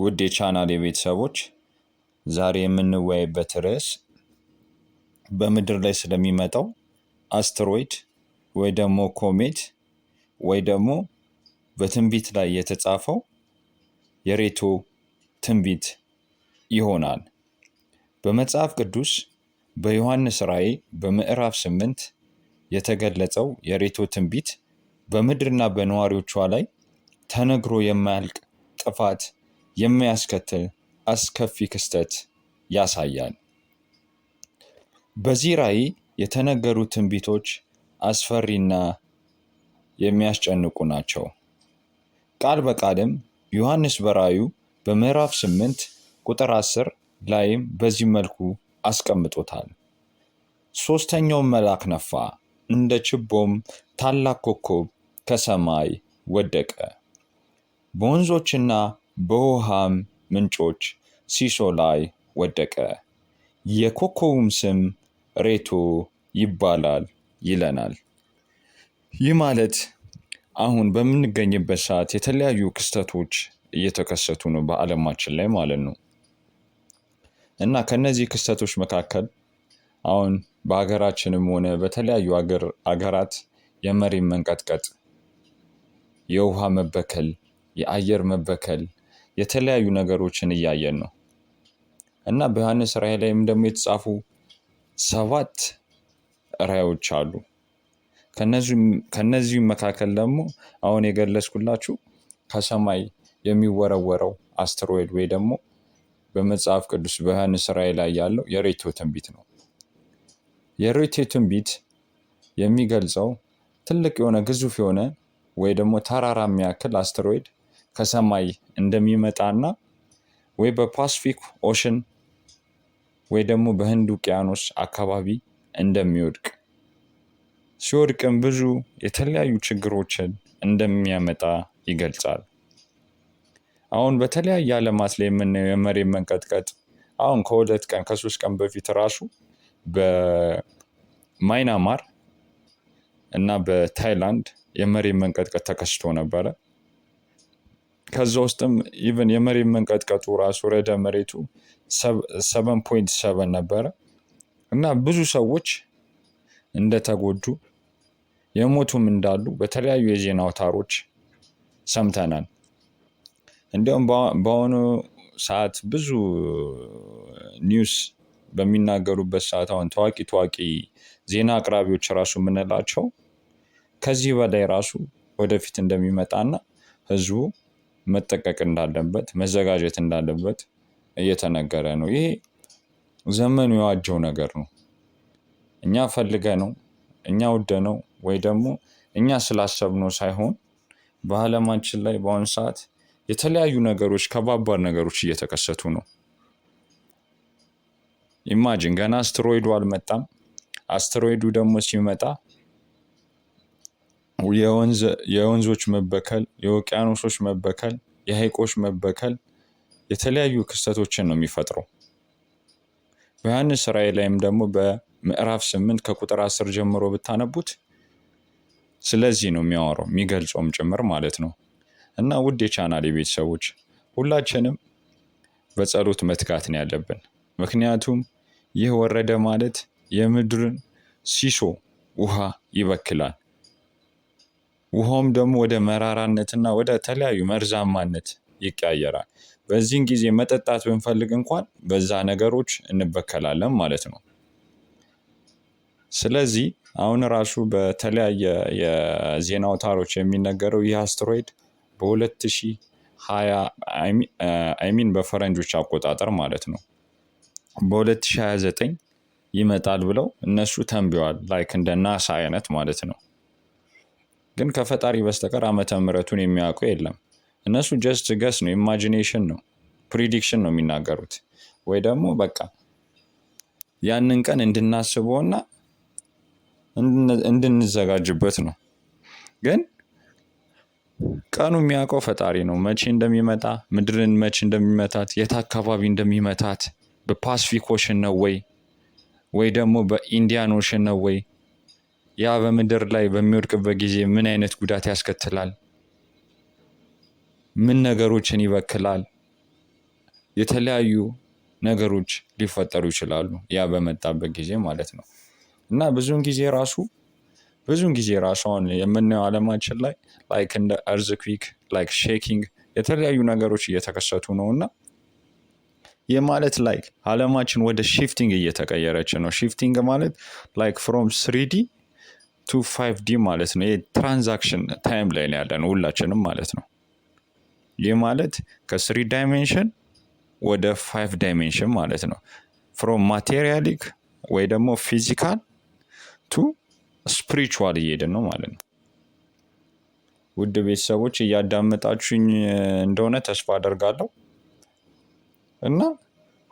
ውድ የቻናል የቤተሰቦች ዛሬ የምንወያይበት ርዕስ በምድር ላይ ስለሚመጣው አስትሮይድ ወይ ደግሞ ኮሜት ወይ ደግሞ በትንቢት ላይ የተጻፈው የሬቶ ትንቢት ይሆናል። በመጽሐፍ ቅዱስ በዮሐንስ ራእይ በምዕራፍ ስምንት የተገለጸው የሬቶ ትንቢት በምድርና በነዋሪዎቿ ላይ ተነግሮ የማያልቅ ጥፋት የሚያስከትል አስከፊ ክስተት ያሳያል። በዚህ ራእይ የተነገሩ ትንቢቶች አስፈሪና የሚያስጨንቁ ናቸው። ቃል በቃልም ዮሐንስ በራእዩ በምዕራፍ 8 ቁጥር 10 ላይም በዚህ መልኩ አስቀምጦታል። ሦስተኛውም መልአክ ነፋ፣ እንደ ችቦም ታላቅ ኮከብ ከሰማይ ወደቀ፣ በወንዞችና በውሃም ምንጮች ሲሶ ላይ ወደቀ። የኮከቡም ስም ሬቶ ይባላል ይለናል። ይህ ማለት አሁን በምንገኝበት ሰዓት የተለያዩ ክስተቶች እየተከሰቱ ነው በዓለማችን ላይ ማለት ነው። እና ከነዚህ ክስተቶች መካከል አሁን በሀገራችንም ሆነ በተለያዩ አገራት የመሬት መንቀጥቀጥ፣ የውሃ መበከል፣ የአየር መበከል የተለያዩ ነገሮችን እያየን ነው። እና በዮሐንስ ራእይ ላይም ደግሞ የተጻፉ ሰባት ራእዮች አሉ። ከነዚህም መካከል ደግሞ አሁን የገለጽኩላችሁ ከሰማይ የሚወረወረው አስትሮይድ ወይ ደግሞ በመጽሐፍ ቅዱስ በዮሐንስ ራእይ ላይ ያለው የሬቶ ትንቢት ነው። የሬቶ ትንቢት የሚገልጸው ትልቅ የሆነ ግዙፍ የሆነ ወይ ደግሞ ተራራ የሚያክል አስትሮይድ ከሰማይ እንደሚመጣና ወይ በፓስፊክ ኦሽን ወይ ደግሞ በህንድ ውቅያኖስ አካባቢ እንደሚወድቅ ሲወድቅም ብዙ የተለያዩ ችግሮችን እንደሚያመጣ ይገልጻል። አሁን በተለያየ አለማት ላይ የምናየው የመሬት መንቀጥቀጥ አሁን ከሁለት ቀን ከሶስት ቀን በፊት ራሱ በማይናማር እና በታይላንድ የመሬት መንቀጥቀጥ ተከስቶ ነበረ። ከዛ ውስጥም ኢቨን የመሬት መንቀጥቀጡ ራሱ ረደ መሬቱ ሰቨን ፖይንት ሰቨን ነበረ እና ብዙ ሰዎች እንደተጎዱ የሞቱም እንዳሉ በተለያዩ የዜና አውታሮች ሰምተናል። እንዲሁም በአሁኑ ሰዓት ብዙ ኒውስ በሚናገሩበት ሰዓት አሁን ታዋቂ ታዋቂ ዜና አቅራቢዎች ራሱ የምንላቸው ከዚህ በላይ ራሱ ወደፊት እንደሚመጣና ህዝቡ መጠቀቅ እንዳለበት መዘጋጀት እንዳለበት እየተነገረ ነው። ይሄ ዘመኑ የዋጀው ነገር ነው። እኛ ፈልገነው እኛ ነው ወይ ደግሞ እኛ ስላሰብነው ሳይሆን በዓለማችን ላይ በአሁኑ ሰዓት የተለያዩ ነገሮች ከባባድ ነገሮች እየተከሰቱ ነው። ኢማጂን ገና አስትሮይዱ አልመጣም። አስትሮይዱ ደግሞ ሲመጣ የወንዞች መበከል፣ የውቅያኖሶች መበከል፣ የሀይቆች መበከል የተለያዩ ክስተቶችን ነው የሚፈጥረው። በዮሐንስ ራእይ ላይም ደግሞ በምዕራፍ ስምንት ከቁጥር አስር ጀምሮ ብታነቡት ስለዚህ ነው የሚያወራው የሚገልጸውም ጭምር ማለት ነው። እና ውድ የቻናል የቤተሰቦች ሁላችንም በጸሎት መትጋት ነው ያለብን። ምክንያቱም ይህ ወረደ ማለት የምድርን ሲሶ ውሃ ይበክላል። ውሃውም ደግሞ ወደ መራራነትና ወደ ተለያዩ መርዛማነት ይቀያየራል። በዚህን ጊዜ መጠጣት ብንፈልግ እንኳን በዛ ነገሮች እንበከላለን ማለት ነው። ስለዚህ አሁን ራሱ በተለያየ የዜና አውታሮች የሚነገረው ይህ አስትሮይድ በ2020 አይሚን በፈረንጆች አቆጣጠር ማለት ነው በ2029 ይመጣል ብለው እነሱ ተንብዋል። ላይክ እንደ ናሳ አይነት ማለት ነው። ግን ከፈጣሪ በስተቀር ዓመተ ምሕረቱን የሚያውቁ የለም። እነሱ ጀስት ገስ ነው፣ ኢማጂኔሽን ነው፣ ፕሪዲክሽን ነው የሚናገሩት። ወይ ደግሞ በቃ ያንን ቀን እንድናስበውና እንድንዘጋጅበት ነው። ግን ቀኑ የሚያውቀው ፈጣሪ ነው። መቼ እንደሚመጣ ምድርን መቼ እንደሚመታት የት አካባቢ እንደሚመታት በፓስፊክ ኦሽን ነው ወይ ወይ ደግሞ በኢንዲያን ኦሽን ነው ወይ ያ በምድር ላይ በሚወድቅበት ጊዜ ምን አይነት ጉዳት ያስከትላል? ምን ነገሮችን ይበክላል? የተለያዩ ነገሮች ሊፈጠሩ ይችላሉ። ያ በመጣበት ጊዜ ማለት ነው። እና ብዙን ጊዜ ራሱ ብዙን ጊዜ ራሱ አሁን የምናየው አለማችን ላይ ላይክ እንደ እርዝክዊክ ላይክ ሼኪንግ የተለያዩ ነገሮች እየተከሰቱ ነው እና የማለት ላይክ ወደ ሺፍቲንግ እየተቀየረች ነው። ሺፍቲንግ ማለት ላይክ ፍሮም ስሪዲ ቱ ፋይቭ ዲ ማለት ነው። የትራንዛክሽን ታይም ላይ ያለ ነው ሁላችንም ማለት ነው። ይህ ማለት ከስሪ ዳይሜንሽን ወደ ፋይቭ ዳይሜንሽን ማለት ነው። ፍሮም ማቴሪያሊክ ወይ ደግሞ ፊዚካል ቱ ስፕሪቹዋል እየሄድን ነው ማለት ነው። ውድ ቤተሰቦች እያዳመጣችሁኝ እንደሆነ ተስፋ አደርጋለሁ እና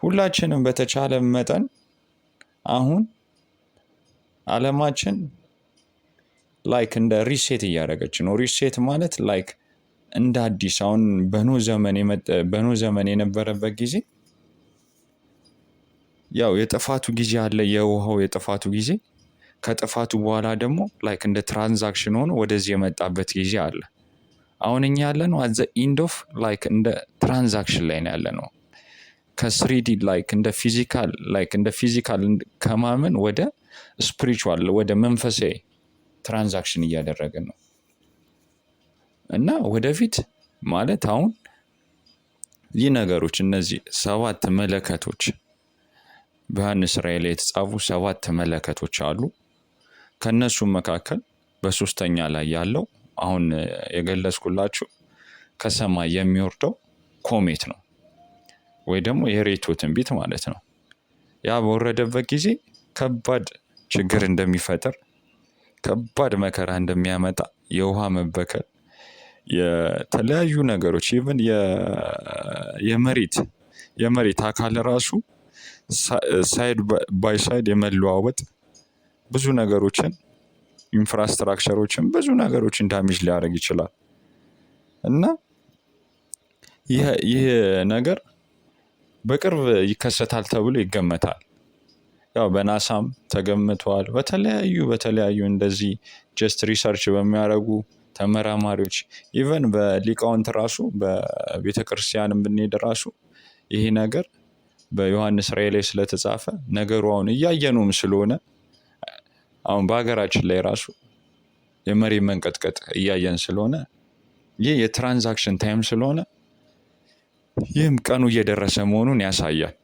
ሁላችንም በተቻለ መጠን አሁን አለማችን ላይክ እንደ ሪሴት እያደረገች ነው። ሪሴት ማለት ላይክ እንደ አዲስ አሁን በኖ ዘመን በኖ ዘመን የነበረበት ጊዜ ያው የጥፋቱ ጊዜ አለ፣ የውሃው የጥፋቱ ጊዜ ከጥፋቱ በኋላ ደግሞ ላይክ እንደ ትራንዛክሽን ሆኖ ወደዚህ የመጣበት ጊዜ አለ። አሁን እኛ ያለ ነው አዘ ኢንድ ኦፍ ላይክ እንደ ትራንዛክሽን ላይ ነው ያለ ነው። ከስሪዲ ላይክ እንደ ፊዚካል ላይክ እንደ ፊዚካል ከማመን ወደ ስፕሪቹዋል ወደ መንፈሳዊ ትራንዛክሽን እያደረግን ነው። እና ወደፊት ማለት አሁን ይህ ነገሮች እነዚህ ሰባት መለከቶች በዮሐንስ ራዕይ ላይ የተጻፉ ሰባት መለከቶች አሉ። ከእነሱም መካከል በሶስተኛ ላይ ያለው አሁን የገለጽኩላችሁ ከሰማይ የሚወርደው ኮሜት ነው ወይ ደግሞ የሬቶ ትንቢት ማለት ነው። ያ በወረደበት ጊዜ ከባድ ችግር እንደሚፈጥር ከባድ መከራ እንደሚያመጣ የውሃ መበከል የተለያዩ ነገሮች ኢቨን የመሬት የመሬት አካል ራሱ ሳይድ ባይ ሳይድ የመለዋወጥ ብዙ ነገሮችን ኢንፍራስትራክቸሮችን ብዙ ነገሮችን ዳሜጅ ሊያደርግ ይችላል እና ይህ ነገር በቅርብ ይከሰታል ተብሎ ይገመታል። ያው በናሳም ተገምተዋል። በተለያዩ በተለያዩ እንደዚህ ጀስት ሪሰርች በሚያደርጉ ተመራማሪዎች ኢቨን በሊቃውንት ራሱ ክርስቲያን ብንሄድ ራሱ ይሄ ነገር በዮሐንስ ራዕይ ላይ ስለተጻፈ ነገሩ አሁን እያየነውም ስለሆነ አሁን በሀገራችን ላይ ራሱ የመሬት መንቀጥቀጥ እያየን ስለሆነ ይህ የትራንዛክሽን ታይም ስለሆነ ይህም ቀኑ እየደረሰ መሆኑን ያሳያል፣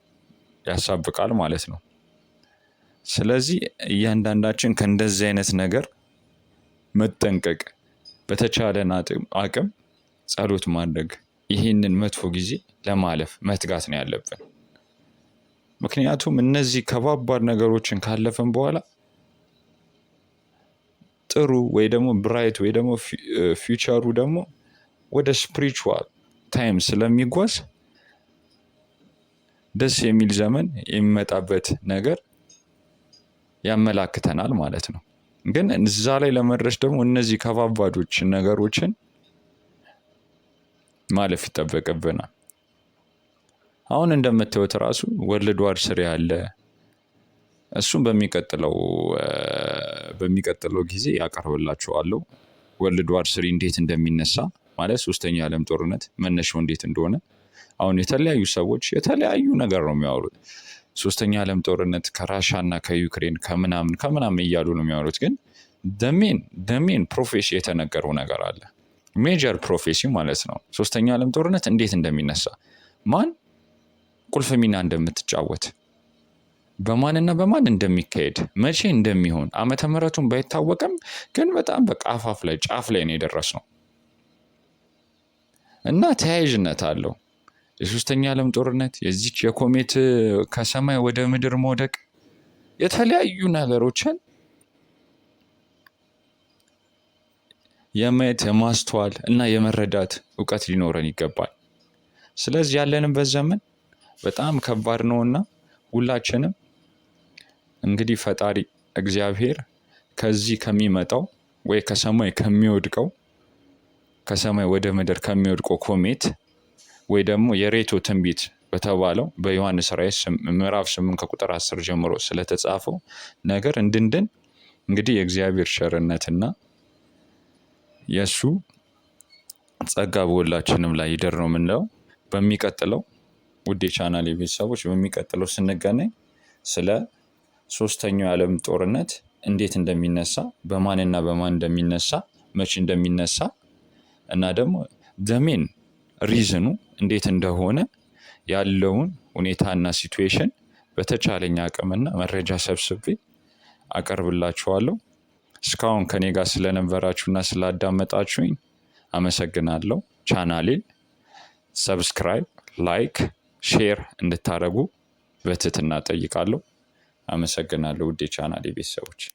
ያሳብቃል ማለት ነው። ስለዚህ እያንዳንዳችን ከእንደዚህ አይነት ነገር መጠንቀቅ፣ በተቻለን አቅም ጸሎት ማድረግ፣ ይህንን መጥፎ ጊዜ ለማለፍ መትጋት ነው ያለብን። ምክንያቱም እነዚህ ከባባድ ነገሮችን ካለፍን በኋላ ጥሩ ወይ ደግሞ ብራይት ወይ ደግሞ ፊውቸሩ ደግሞ ወደ ስፕሪቹዋል ታይም ስለሚጓዝ ደስ የሚል ዘመን የሚመጣበት ነገር ያመላክተናል ማለት ነው። ግን እዛ ላይ ለመድረስ ደግሞ እነዚህ ከባባዶች ነገሮችን ማለፍ ይጠበቅብናል። አሁን እንደምታዩት ራሱ ወልድዋድ ስር ስሪ ያለ እሱም በሚቀጥለው በሚቀጥለው ጊዜ ያቀርብላችኋለሁ። ወልድዋድ ስሪ እንዴት እንደሚነሳ ማለት ሶስተኛ ዓለም ጦርነት መነሻው እንዴት እንደሆነ አሁን የተለያዩ ሰዎች የተለያዩ ነገር ነው የሚያወሩት። ሶስተኛ ዓለም ጦርነት ከራሻ እና ከዩክሬን ከምናምን ከምናምን እያሉ ነው የሚያወሩት። ግን ደሜን ደሜን ፕሮፌሲ የተነገረው ነገር አለ። ሜጀር ፕሮፌሲ ማለት ነው። ሶስተኛ ዓለም ጦርነት እንዴት እንደሚነሳ ማን ቁልፍ ሚና እንደምትጫወት በማንና በማን እንደሚካሄድ መቼ እንደሚሆን ዓመተ ምሕረቱን ባይታወቅም ግን በጣም በቃ አፋፍ ላይ ጫፍ ላይ ነው የደረስ ነው እና ተያያዥነት አለው። የሶስተኛ ዓለም ጦርነት፣ የዚች የኮሜት ከሰማይ ወደ ምድር መውደቅ፣ የተለያዩ ነገሮችን የማየት የማስተዋል እና የመረዳት እውቀት ሊኖረን ይገባል። ስለዚህ ያለንበት ዘመን በጣም ከባድ ነውና ሁላችንም እንግዲህ ፈጣሪ እግዚአብሔር ከዚህ ከሚመጣው ወይ ከሰማይ ከሚወድቀው ከሰማይ ወደ ምድር ከሚወድቀው ኮሜት ወይ ደግሞ የሬቶ ትንቢት በተባለው በዮሐንስ ራእይ ምዕራፍ ስምንት ከቁጥር አስር ጀምሮ ስለተጻፈው ነገር እንድንድን እንግዲህ የእግዚአብሔር ቸርነትና የእሱ ጸጋ በሁላችንም ላይ ይደር ነው የምንለው። በሚቀጥለው ውድ የቻናል የቤተሰቦች በሚቀጥለው ስንገናኝ ስለ ሶስተኛው የዓለም ጦርነት እንዴት እንደሚነሳ በማንና በማን እንደሚነሳ መቼ እንደሚነሳ እና ደግሞ ደሜን ሪዝኑ እንዴት እንደሆነ ያለውን ሁኔታና ሲትዌሽን በተቻለኝ አቅምና መረጃ ሰብስቤ አቀርብላችኋለሁ። እስካሁን ከኔ ጋር ስለነበራችሁና ስላዳመጣችሁኝ አመሰግናለሁ። ቻናሌን ሰብስክራይብ፣ ላይክ፣ ሼር እንድታደርጉ በትህትና ጠይቃለሁ። አመሰግናለሁ ውዴ ቻናሌ ቤተሰቦች።